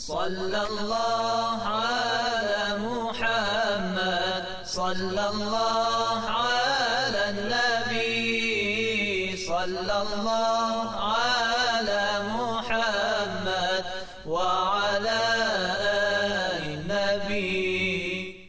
صلى الله على محمد صلى الله على النبي صلى الله على محمد وعلى آل النبي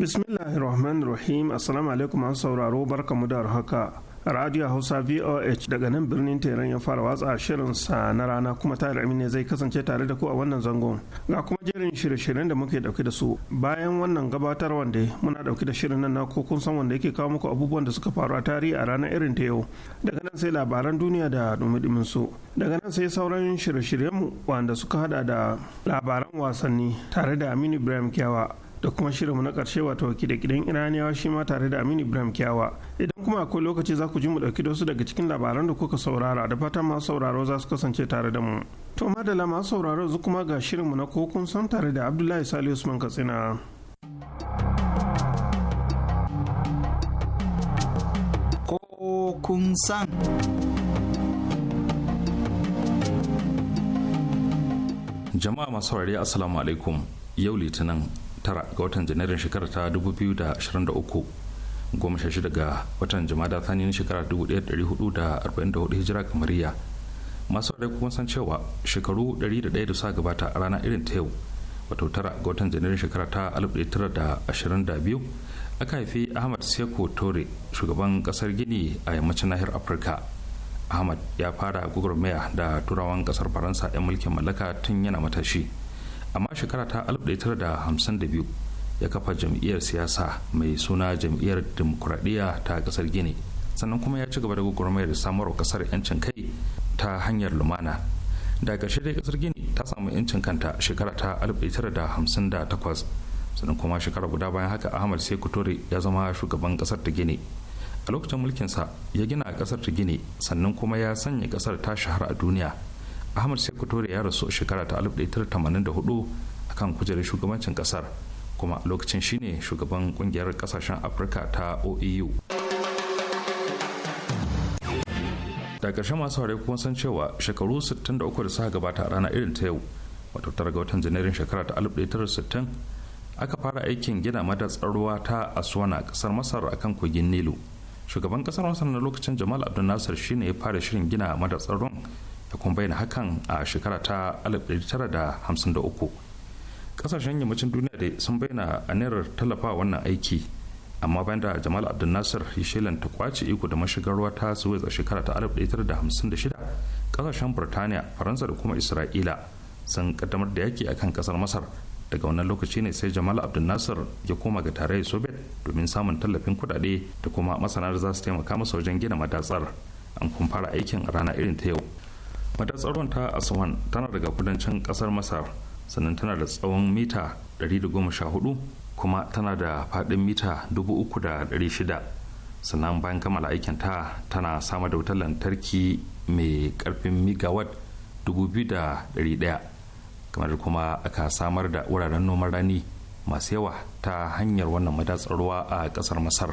بسم الله الرحمن الرحيم السلام عليكم ورحمة الله وبركاته radio hausa voh daga nan birnin teran ya fara watsa shirinsa na rana kuma tare ne zai kasance tare da ku a wannan zangon ga kuma jerin shirye-shiryen da muke dauke da su bayan wannan gabatar wanda muna dauke da shirin nan na ko kun san wanda yake kawo muku abubuwan da suka faru a tarihi a ranar irin ta yau daga nan sai labaran duniya da dumi su daga nan sai sauran shirye-shiryen mu wanda suka hada da labaran wasanni tare da aminu ibrahim kyawa da kuma shirinmu na karshe wato kide-kiden iraniyawa shi ma tare da aminu ibrahim kyawa idan kuma akwai lokaci za ku ji mu dauki da wasu daga cikin labaran da kuka saurara da fatan masu sauraro za su kasance tare da mu to madala masu sauraro yanzu kuma ga shirinmu na kokun san tare da abdullahi salisu usman katsina kokun san jama'a masu saurari assalamu alaikum yau litinin tara ga watan janairun shekara ta 2023 goma shashi shida ga watan jama'a thani na shekara 1444 hijira kamariya masu rai kuma san cewa shekaru 101 da sa gabata a rana irin ta yau wato tara ga watan janairun shekara ta 1922 aka haifi ahmad seko tore shugaban kasar gini a yammacin nahiyar afirka ahmad ya fara gugurmaya da turawan kasar faransa 'yan mulkin mallaka tun yana matashi amma shekara ta 1952 ya kafa jam'iyyar siyasa mai suna jam'iyyar demokuraɗiyya ta ƙasar gini sannan kuma ya ci gaba da gwagwarmayar samarwa ƙasar 'yancin kai ta hanyar lumana da ƙarshe dai ƙasar gini ta samu 'yancin kanta shekara ta 1958 sannan kuma shekara guda bayan haka ahmad sai kuture ya zama shugaban ƙasar ta gini a lokacin mulkinsa ya gina a ƙasar ta gini sannan kuma ya sanya ƙasar ta shahara a duniya ahmad sekutore ya rasu shekara ta 1984 akan kujerar shugabancin kasar kuma lokacin shine shugaban kungiyar kasashen afirka ta oeu da ƙarshen masu haure kuma san cewa shekaru 63 da suka gabata a rana irin ta yau wato tara ga watan janairun shekara ta 1960 aka fara aikin gina madatsar ruwa ta aswana a kasar masar akan kogin nilu shugaban kasar masar na lokacin jamal abdul nasir shine ya fara shirin gina madatsar ruwan da kuma bayyana hakan a shekara ta 1953 kasashen yammacin duniya da sun bayyana a nerar tallafa wannan aiki amma bayan da jamal abdul nasir ya ta kwace iko da mashigar ruwa ta suwais a shekara ta 1956 kasashen burtaniya faransa da kuma isra'ila sun kaddamar da yaki akan kasar masar daga wannan lokaci ne sai jamal abdul nasir ya koma ga tarayyar soviet domin samun tallafin kudade da kuma masana da za su taimaka masa wajen gina matatsar an kuma fara aikin rana irin ta yau matatsaron ta aswan tana daga kudancin kasar masar sannan tana da tsawon mita 114 kuma tana da faɗin mita 3,600 sannan bayan kammala aikin ta tana samar da wutar lantarki mai ƙarfin megawatt 2,100 kamar kuma aka samar da wuraren noman rani masu yawa ta hanyar wannan madatsar ruwa a kasar masar.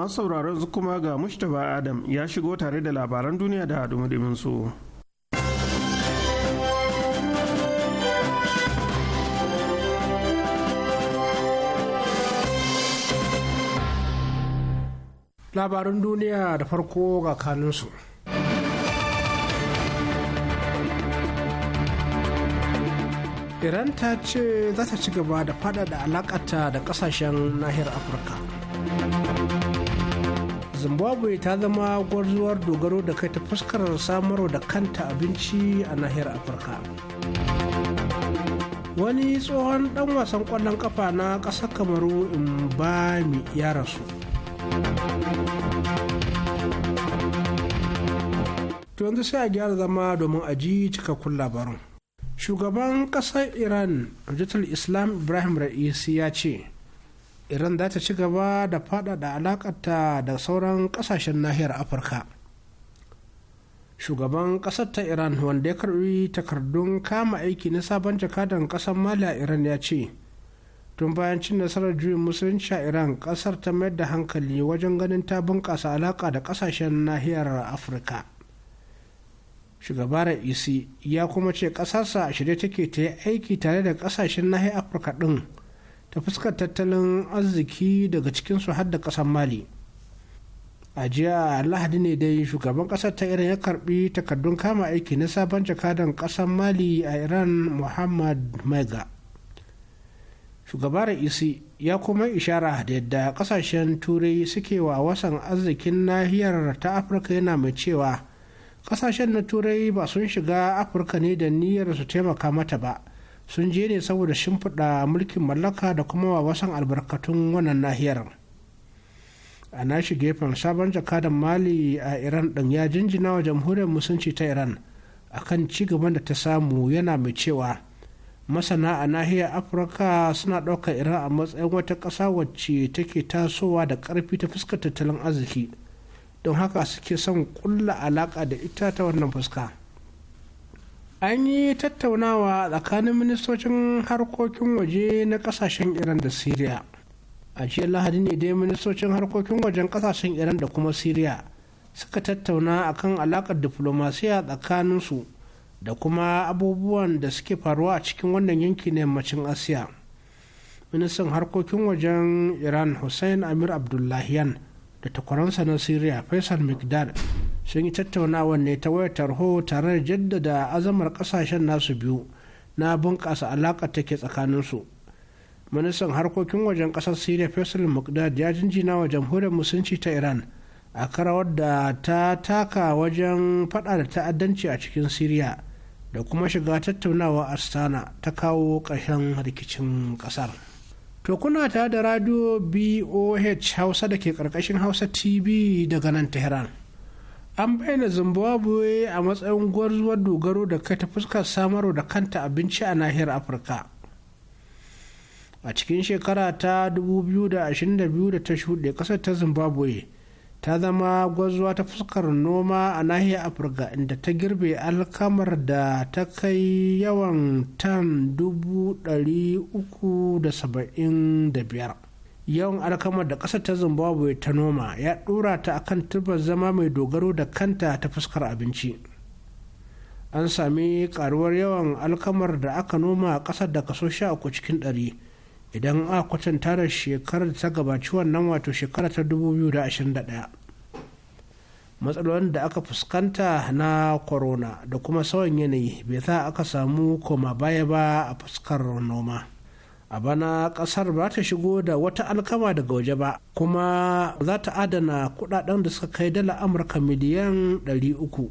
masu sauraron kuma ga Mustapha Adam ya shigo tare da labaran duniya da dumudumin su. Labaran duniya da farko ga kanunsu. Iran ta ce za ta ci gaba da da alakata da ƙasashen nahiyar Afirka. zimbabwe ta zama gwarzuwar dogaro da kai ta fuskar samarwa da kanta abinci a nahiyar afirka wani tsohon dan wasan kwallon kafa na ƙasar kamaru in mbami ya rasu to yanzu sai a gyara zama domin a ji cikakkun labarin shugaban ƙasar iran hajjatul islam ibrahim ra'isi ya ce iran za ta ci gaba da faɗaɗa alaƙarta da sauran ƙasashen nahiyar afirka shugaban ƙasar ta iran wanda ya karbi takardun kama aiki na sabon jakadan ƙasar mali a iran ya ce tun bayan cin nasarar juyin musulunci a iran ƙasar ta mayar da hankali wajen ganin ta bunƙasa alaƙa da ƙasashen nahiyar afirka shugaba isi ya kuma ce ƙasarsa a shirye take ta yi aiki tare da ƙasashen nahiyar afirka ɗin ta fuskar tattalin arziki daga cikinsu har da ƙasar mali a jiya lahadi ne dai shugaban ƙasar ta iran ya karbi takardun kama aiki na sabon jakadan ƙasar mali a iran muhammad mega shugaba ra'isi ya kuma ishara da yadda ƙasashen turai suke wa wasan arzikin nahiyar ta afirka yana mai cewa ƙasashen na turai ba sun shiga afirka ne da niyyar su taimaka mata ba sun je ne saboda shimfiɗa mulkin mallaka da kuma wa wawasan albarkatun wannan nahiyar a nashi gefen sabon jakadan mali a iran ɗin ya jinjina wa jamhuriyar musulunci ta iran akan ci gaban da ta samu yana mai cewa masana a nahiyar afirka suna ɗaukar iran a matsayin wata ƙasa wacce take tasowa da ƙarfi ta fuskar tattalin arziki don haka suke son ƙulla alaƙa da ita ta wannan fuska. an yi tattaunawa tsakanin ministocin harkokin waje na kasashen iran da syria a jiya lahadi ne dai ministocin harkokin wajen kasashen iran da kuma syria suka tattauna akan alakar diplomasiya tsakaninsu da kuma abubuwan da suke faruwa a cikin wannan yanki na yammacin asiya ministan harkokin wajen iran hussein amir abdullahiyan da takwaransa na syria faisal mcdad sun yi tattaunawar ne ta wayar tarho tare da jaddada azamar kasashen nasu biyu na bunƙasa alaƙa take tsakaninsu ministan harkokin wajen ƙasar syria faisal mcdad ya jinjina wa jamhuriyar musulunci ta iran a karawar da ta taka wajen fada da ta'addanci a cikin syria da kuma shiga tattaunawa astana ta kawo ƙarshen rikicin ƙasar. To kuna ta da radio BOH Hausa da ke ƙarƙashin Hausa TV daga nan Tehran. An bayyana Zimbabwe a matsayin gwarzuwar dogaro da kai ta fuskar samarwa da kanta abinci a nahiyar Afirka. A cikin shekara ta 2022 da ta shuɗe ƙasar ta Zimbabwe. ta zama gwazuwa ta fuskar noma a nahiyar afirka inda ta girbe alkamar da ta kai yawan tan 375 yawan alkamar da ƙasar ta zimbabwe ta noma ya ɗora ta akan turbar zama mai dogaro da kanta ta fuskar abinci an sami karuwar yawan alkamar da aka noma a ƙasar da kaso 13 cikin ɗari. idan a kwatanta da shekarar ta gabaci wannan wato shekara ta 2021 matsalolin da aka fuskanta na corona da kuma sauyin yanayi bai sa aka samu koma baya ba a fuskar noma a bana kasar ba ta shigo da wata alkama daga waje ba kuma za ta adana kudaden da suka kai dala amurka miliyan 300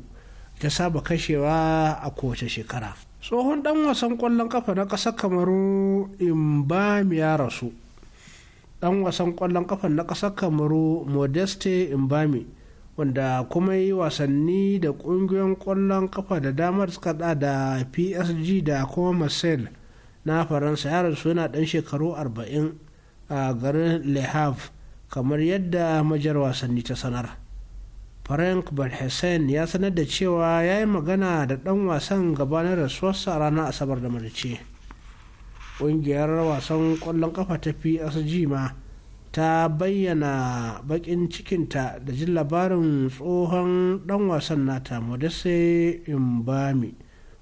ta saba kashewa a kowace shekara tsohon dan wasan kwallon kafa na kasar kamaru ya rasu dan wasan kwallon kafa na ƙasar kamaru modeste imbami wanda kuma yi wasanni da ƙungiyoyin kwallon kafa da damar suka da psg da kuma marcel na faransa ya rasu yana dan shekaru 40 a garin le havre kamar yadda majar wasanni ta sanar frank balhassan ya sanar da cewa ya yi magana da dan wasan gabanin rasuwarsa a ranar asabar da marice ƙungiyar wasan ƙwallon ƙafa ta psg ma ta bayyana bakin cikinta da jin labarin tsohon dan wasan nata modeste imbami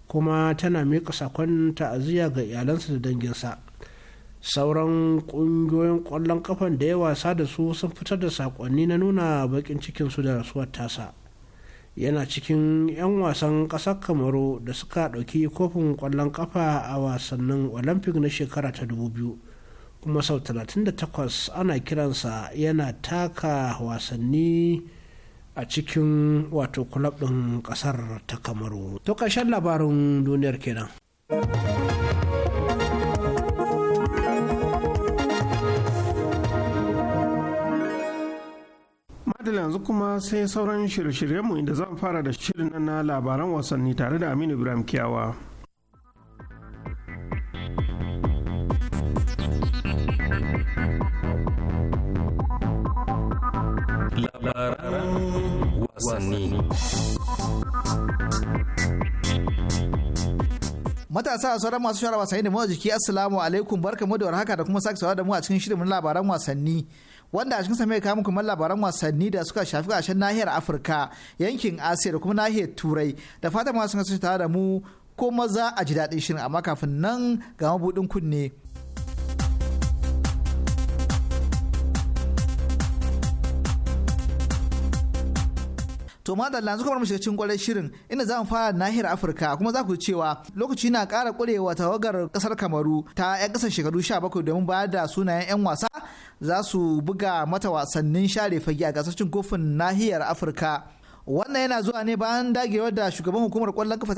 kuma tana miƙa sakon ta'aziyya ga iyalansa da danginsa sauran kungiyoyin kwallon kafan da ya wasa da su sun fitar da sakonni na nuna bakin su da rasuwar tasa yana cikin 'yan wasan ƙasar kamaru da suka ɗauki kofin kwallon kafa a wasannin olympic na shekara ta 2000 kuma sau 38 ana kiransa yana taka wasanni a cikin wato kulab ɗin ƙasar ta kamaru to ƙarshen labarin duniyar kenan. adala yanzu kuma sai sauran shirye-shiryenmu inda zan fara da shirin na labaran wasanni tare da aminu ibrahim kiyawa matasa a sauran masu shara wasanni da mawa jiki assalamu alaikum barkamu da warhaka da kuma sake sawa da mu a cikin shirin labaran wasanni wanda a cikin mai kawo kuma labaran wasanni da suka shafi ƙarshen nahiyar Afirka, yankin Asiya da kuma nahiyar Turai. Da fatan masu kasance tare da mu ko maza a ji daɗin shirin amma kafin nan ga mabuɗin kunne. To madalla yanzu kuma mu shiga cikin shirin inda za mu fara nahiyar Afirka kuma za ku cewa lokaci na kara kwarewa tawagar kasar Kamaru ta 'yan ƙasar shekaru 17 domin bayar da sunayen 'yan wasa za su buga mata wasannin share fage a gasashen kofin nahiyar Afirka. Wannan yana zuwa ne bayan dagewar da shugaban hukumar kwallon kafa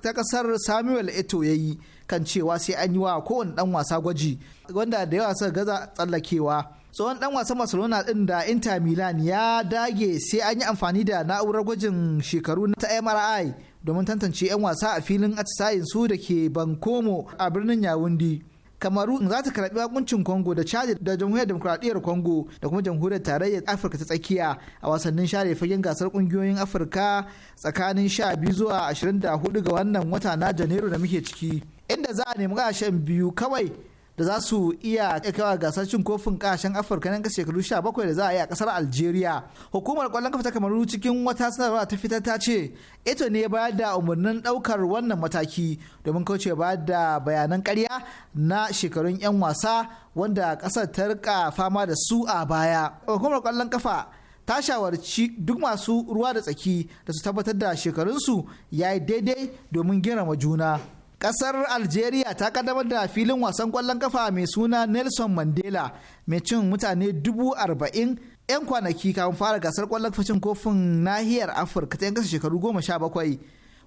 ta kasar Samuel Eto ya yi kan cewa sai an yi wa kowane dan wasa gwaji wanda da yawa suka gaza tsallakewa. tsohon dan wasan barcelona din da inter milan ya dage sai an yi amfani da na'urar gwajin shekaru ta mri domin tantance 'yan wasa a filin atisayen su da ke bankomo a birnin yawundi kamaru za ta karbi hakuncin congo da chad da jamhuriyar demokuraɗiyyar congo da kuma jamhuriyar tarayyar afirka ta tsakiya a wasannin share fagen gasar kungiyoyin afirka tsakanin 12 zuwa 24 ga wannan wata na janairu da muke ciki inda za a nemi gashin biyu kawai da za su iya kawa gasar cin kofin kashen afirka nan shekaru 17 da za a yi a kasar algeria hukumar kwallon kafa ta kamaru cikin wata sanarwa ta fitar ta ce eto ne ba da umarnin daukar wannan mataki domin kauce ba da bayanan karya na shekarun 'yan wasa wanda kasar ta rika fama da su a baya hukumar kwallon kafa ta shawarci duk masu ruwa da tsaki da su tabbatar da shekarunsu ya yi daidai domin girma juna kasar Algeria ta kaddamar da filin wasan kwallon kafa mai suna Nelson Mandela mai cin mutane dubu arba'in 'yan kwanaki kafin fara gasar kwallon kafacin kofin nahiyar Afirka ta 'yan kasa shekaru goma sha bakwai.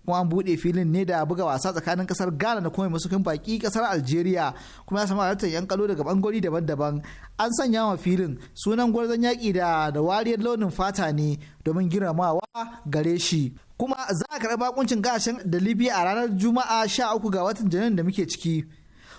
Kuma an buɗe filin ne da buga wasa tsakanin kasar Ghana da kuma masukin baki kasar Algeria kuma ya samu halartar 'yan kalo daga bangori daban-daban. An sanya wa filin sunan gwarzon yaƙi da da wariyar launin fata ne domin girmamawa gare shi. kuma za a karɓi bakuncin gashin da libya a ranar juma'a 13 ga watan Janairu da muke ciki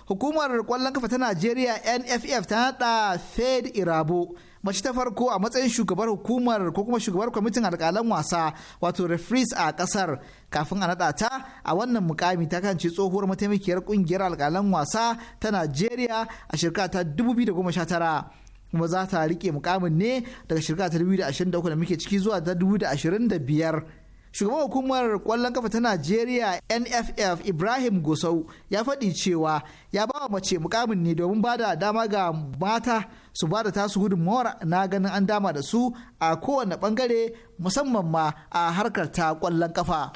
hukumar kwallon kafa ta najeriya nff ta naɗa fed irabo mace ta farko a matsayin shugabar hukumar ko kuma shugabar kwamitin alƙalan wasa wato referees a kasar kafin a naɗa ta a wannan mukami ta kanci tsohuwar mataimakiyar ƙungiyar alƙalan wasa ta najeriya a shirka ta 2019 kuma za ta rike mukamin ne daga shirka ta 2023 da muke ciki zuwa ta 2025 shugaban hukumar kwallon kafa ta najeriya nff ibrahim gusau ya faɗi cewa ya ba mace mukamin ne domin ba da dama ga mata su ba da tasu gudunmawar na ganin an dama da su a kowane bangare musamman ma a harkar ta kwallon kafa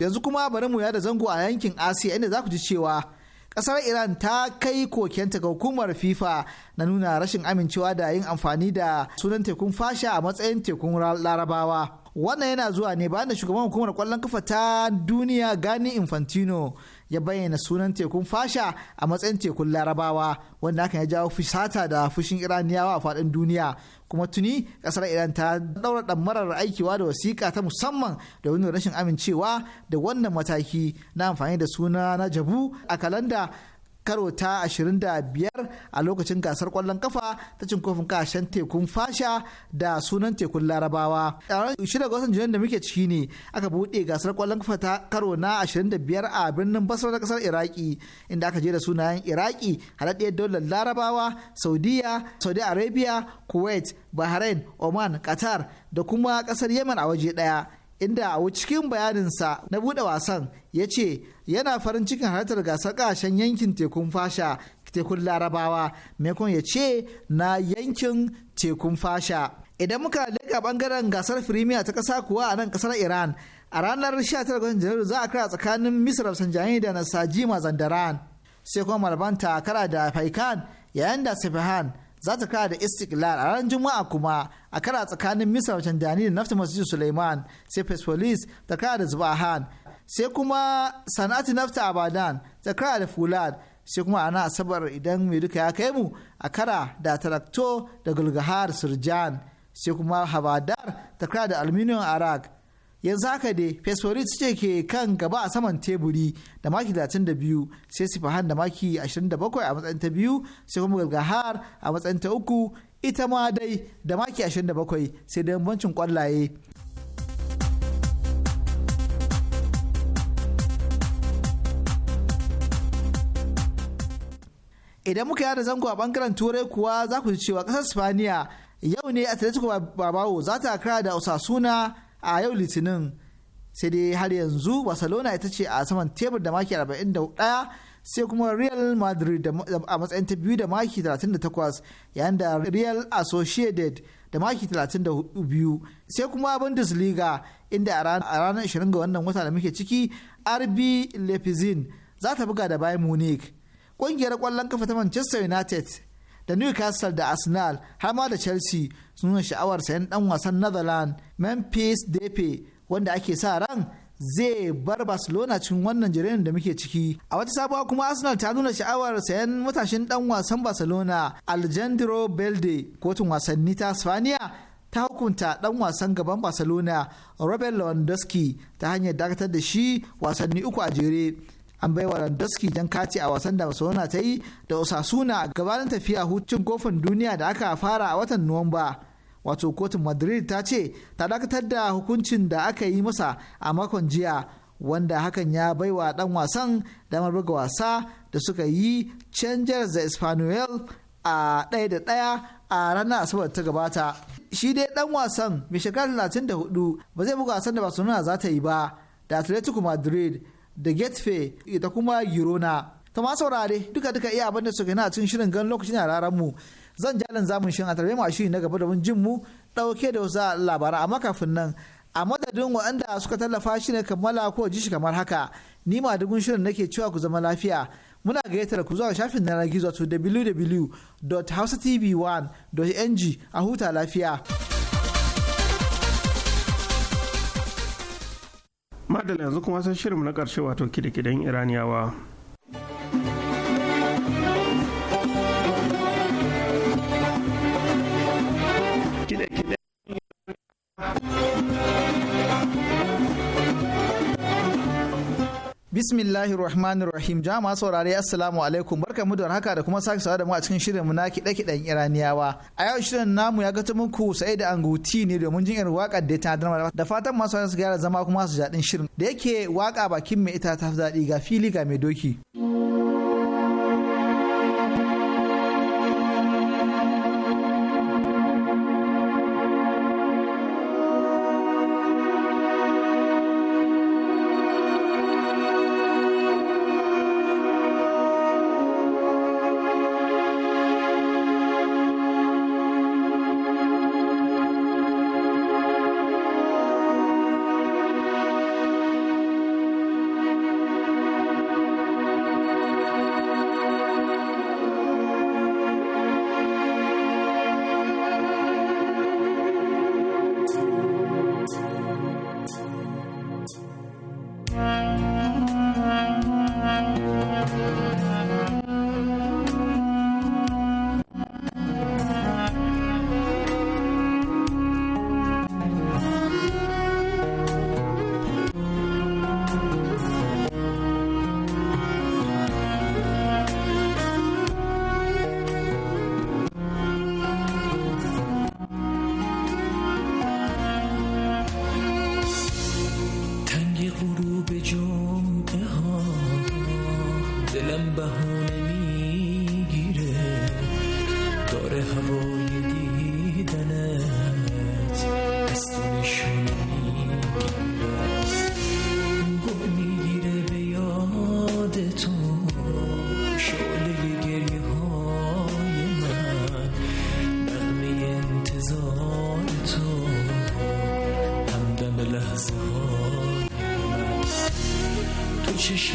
yanzu kuma bari mu ya da zango a yankin asiya inda za ku ji cewa kasar iran ta kai kokenta ga hukumar fifa na nuna rashin amincewa da yin amfani da sunan tekun fasha a matsayin tekun larabawa wannan yana zuwa ne bayan da shugaban hukumar kwallon kafa ta duniya gani infantino ya bayyana sunan tekun fasha a matsayin tekun larabawa wanda hakan ya jawo fusata da fushin iraniyawa a faɗin duniya kuma tuni kasar idan ta daura damarar aikiwa da wasiƙa ta musamman da wani rashin amincewa da wannan mataki na amfani da suna na jabu a kalanda karo ta 25 a lokacin gasar kwallon kafa ta cin kofin kashen tekun fasha da sunan tekun larabawa a shida ga watan da muke ciki ne aka buɗe gasar kwallon kafa ta karo na 25 a birnin basra na kasar iraki inda aka je da sunayen iraki haɗaɗɗiyar dollar larabawa saudiya saudi arabia kuwait bahrain oman qatar da kuma kasar yemen a waje ɗaya inda a cikin bayaninsa na buɗe wasan ya ce yana farin cikin halartar gasar ƙasashen yankin tekun fasha tekun larabawa maimakon ya ce na yankin tekun fasha idan muka leka bangaren gasar firimiya ta kasa kuwa a nan ƙasar iran a ranar 19 ga janairu za a kara tsakanin misr sanjani da nasajima zandaran sai kuma malaban takara da faikan yayin da sifahan za ta kara da istiklal a ran juma'a kuma a kara tsakanin misa wacan dani da nafta masjid suleiman sai fesfolis ta kara da zubahan sai kuma sana'ati nafta abadan ta kara da fulad sai kuma ana asabar idan mai duka ya kai mu a kara da tarakto da gulgahar sirjan sai kuma habadar ta kara da aluminium arak yanzu haka dai fesforit ce ke kan gaba a saman teburi da maki 32 sai sifahan da maki 27 a matsayin ta biyu sai kuma gargahar a matsayin ta uku ita ma dai da maki 27 sai da bancin kwallaye idan muka yada zango a bangaren turai kuwa za ku ji cewa kasar spaniya yau ne atletico babawo za ta kara da osasuna a yau litinin sai dai har yanzu barcelona ita ce a saman tebur da maki 41 sai kuma real madrid a matsayin ta biyu da maki 38 yayin da real associated da maki 32 sai kuma bundesliga inda a ranar 20 ga wannan wata da muke ciki rb leipzig za ta buga da bayan munich ƙungiyar ƙwallon kafa ta manchester united da Newcastle da Arsenal har ma da Chelsea sun nuna sha'awar sayan ɗan wasan Netherlands Memphis Depay wanda ake sa ran zai bar Barcelona cikin wannan jirin da muke ciki. A wata sabuwa kuma Arsenal ta nuna sha'awar sayan matashin ɗan wasan Barcelona Alejandro Belde kotun wasanni ta Spaniya ta hukunta ɗan wasan gaban Barcelona Robert Lewandowski ta hanyar dakatar da shi wasanni uku a jere. an baiwa Lewandowski jan kati a wasan da Barcelona ta yi da Osasuna gabanin tafiya hucin kofin duniya da aka fara a watan Nuwamba. Wato kotun Madrid ta ce ta dakatar da hukuncin da aka yi masa a makon jiya wanda hakan ya baiwa dan wasan damar buga wasa da suka yi Changers da Espanyol a ɗaya da ɗaya a ranar Asabar ta gabata. Shi dai dan wasan mai shekara 34 ba zai buga wasan da Barcelona za ta yi ba da Atletico Madrid da getfe da kuma girona ta ma saurare duka duka iya abin da suka na cikin shirin gan lokacin a raran mu zan jalan zamun shin a tarbe mu a shiri na gaba da jin mu dauke da wasu labarai amma kafin nan a madadin waɗanda suka tallafa shi ne kammala ko ji shi kamar haka ni ma dugun shirin nake cewa ku zama lafiya muna gayyatar ku zuwa shafin na gizo to www.hausatv1.ng a huta lafiya. madala yanzu kuma sai shirin na ƙarshe wato kidikidan iraniyawa Thank you. Bismillahir Rahmanir Rahim. Jama'a saurare Assalamu alaikum. mu da haka da kuma sake sawa da mu a cikin shirin mu na kiɗe-kiɗen Iraniyawa. A yau shirin namu ya gato muku sai da anguti ne domin jin irin waƙar da ta dama da fatan masu su gyara zama kuma su jaɗin shirin. Da yake waka bakin mai ita ta daɗi ga fili ga mai doki. безвольно. Точишь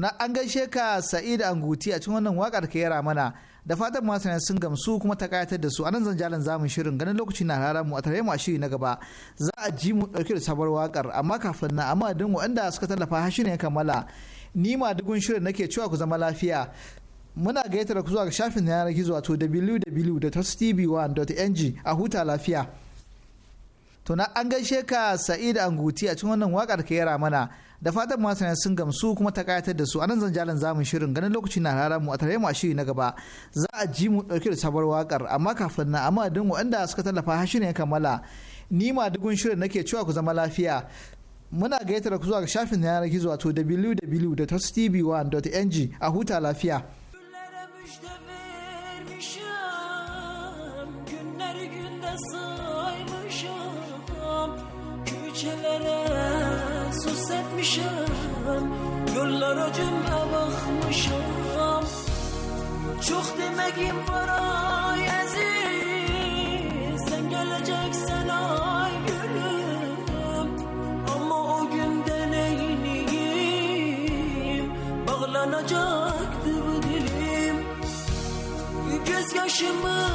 Tuna an gaishe ka Sa'id Anguti a cikin wannan wakar ka yara mana da fatan masana sun gamsu kuma ta kayatar da su anan jalan zamun shirin ganin lokaci na rara mu a tare mu a shiri na gaba za a ji mu dauke da sabar wakar amma kafin na amma din wanda suka tallafa har ya kammala ni ma dugun shirin nake cewa ku zama lafiya muna gayyatar ku zuwa ga shafin yanar gizo wato www.tv1.ng a huta lafiya to na an gaishe ka Sa'id Anguti a cikin wannan wakar ka yara mana da fatan masana sun gamsu kuma ta kayatar da su anan zan jalan zamun shirin ganin lokaci na rara mu a tare mu a shiri na gaba za a ji mu dauke da sabar wakar amma kafin na amma din waɗanda suka tallafa har shirin ya kammala ni ma dugun shirin nake cewa ku zama lafiya muna gayyatar ku zuwa ga shafin yanar gizo wato www.tv1.ng a huta lafiya Günleri günde saymışım Küçelere bakmışam Göllar acımla bakmışam Çok demekim var ay aziz Sen geleceksen ay gülüm Ama o gün eyniyim Bağlanacaktı bu dilim göz yaşımı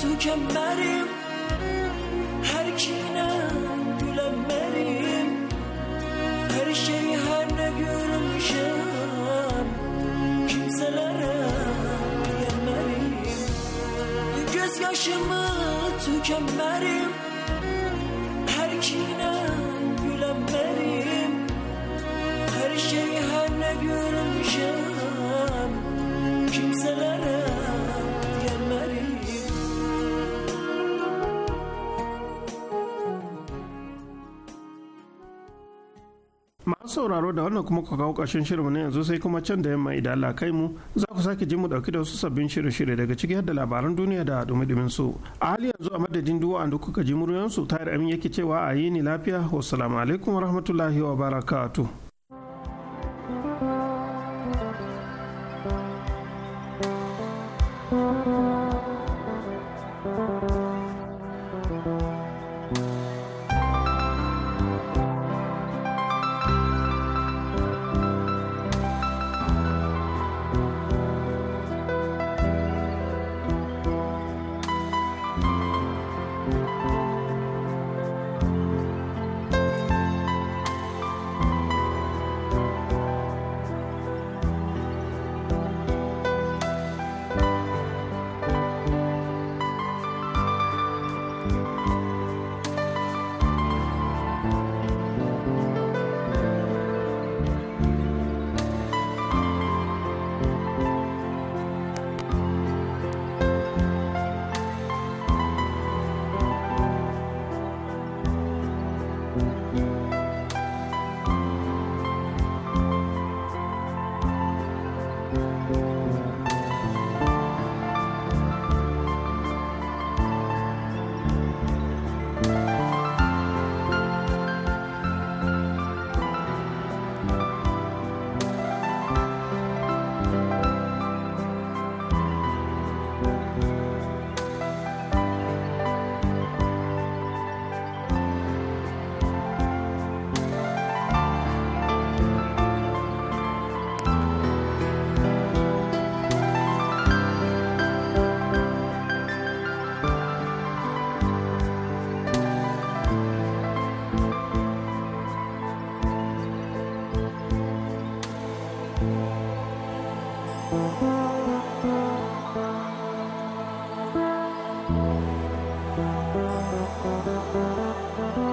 tükenmerim شما sauraro da wannan kuma ku kawo ƙarshen shirinmu na yanzu sai kuma can da yamma idan Allah kai mu za ku sake ji mu dauki da wasu sabbin shirye-shirye daga ciki yadda da labaran duniya da dumi-dumin su. A hali yanzu a madadin duwa da kuka ji muryoyin su tayar amin yake cewa a yi ni lafiya wassalamu alaikum wa barakatu. 嗯。